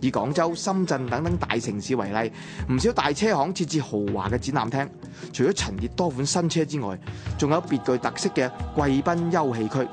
以廣州、深圳等等大城市為例，唔少大車行設置豪華嘅展覽廳，除咗陳列多款新車之外，仲有別具特色嘅貴賓休憩區，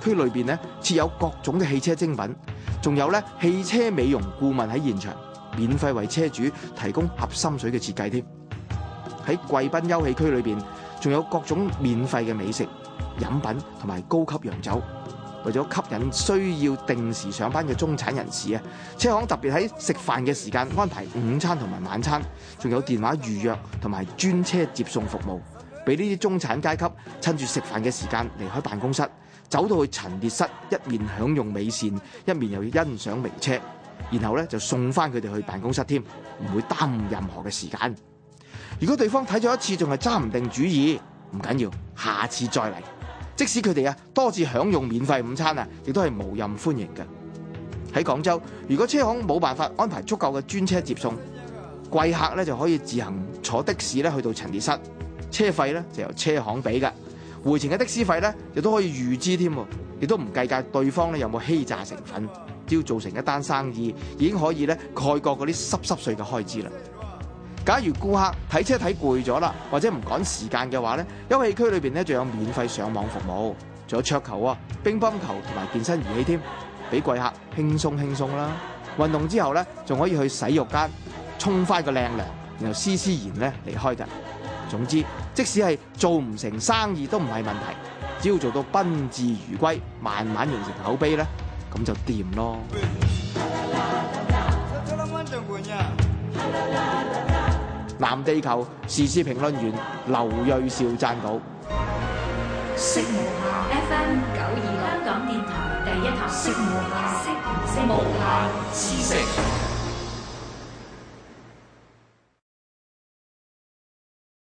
區裏邊咧設有各種嘅汽車精品，仲有咧汽車美容顧問喺現場免費為車主提供合心水嘅設計添。喺貴賓休憩區裏邊仲有各種免費嘅美食、飲品同埋高級洋酒。為咗吸引需要定時上班嘅中產人士啊，車行特別喺食飯嘅時間安排午餐同埋晚餐，仲有電話預約同埋專車接送服務，俾呢啲中產階級趁住食飯嘅時間離開辦公室，走到去陳列室，一面享用美膳，一面又要欣賞名車，然後咧就送翻佢哋去辦公室添，唔會耽誤任何嘅時間。如果對方睇咗一次，仲係揸唔定主意，唔緊要，下次再嚟。即使佢哋啊多次享用免費午餐啊，亦都係無任歡迎嘅。喺廣州，如果車行冇辦法安排足夠嘅專車接送貴客咧，就可以自行坐的士咧去到陳列室，車費咧就由車行俾㗎。回程嘅的,的士費咧亦都可以預支添，亦都唔計較對方咧有冇欺詐成分，只要做成一單生意已經可以咧蓋過嗰啲濕濕碎嘅開支啦。假如顧客睇車睇攰咗啦，或者唔趕時間嘅話咧，休憩區裏邊呢仲有免費上網服務，仲有桌球啊、乒乓球同埋健身儀器添，俾貴客輕鬆輕鬆啦。運動之後呢，仲可以去洗浴間沖返個靚涼，然後施施然呢，離開㗎。總之，即使係做唔成生意都唔係問題，只要做到賓至如歸，慢慢形成口碑呢，咁就掂咯。藍地球時事評論員劉銳紹撰稿。